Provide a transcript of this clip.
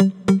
Mm-hmm.